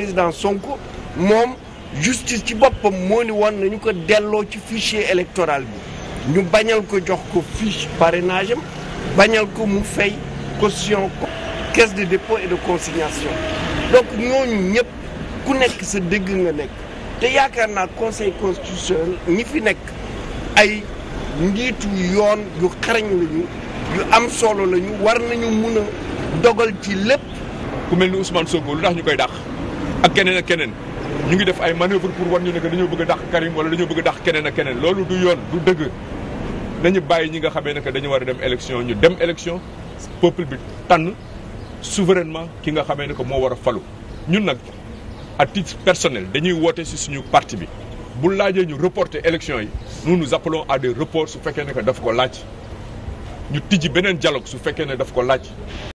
président Sonko moom justice ci boppam moo ni woon nañu ko delloo ci fichier électoral bi ñu bañal ko jox ko fiche parrainage bañal ko mu fay caution caisse de dépôt et de consignation donc ñooñu ñëpp ku nekk sa dégg nga nekk te yaakaar naa conseil constitutionnel ñi fi nekk ay njiitu yoon yu xarañ lañu yu am solo lañu war nañu mun a dogal ci lépp ku mel ni Ousmane Sonko lu tax ñu koy dàq ak keneen ak keneen ñu ngi def ay manœuvre pour wan ñu nekk que dañoo bëgg dax dàq Karim wala dañoo bëgg a dàq keneen ak keneen loolu du yoon du dëgg nañu bàyyi ñi nga xamee ne que dañu war a dem élection ñu dem élection peuple bi tànn souverainement ki nga xamee ne que moo war a falu ñun nag à titre personnel dañuy woote si suñu parti bi bu laajee ñu reporter élection yi nous nous appelons report su fekkee ne que ko laaj ñu tijji beneen dialogue su fekkee ne daf ko laaj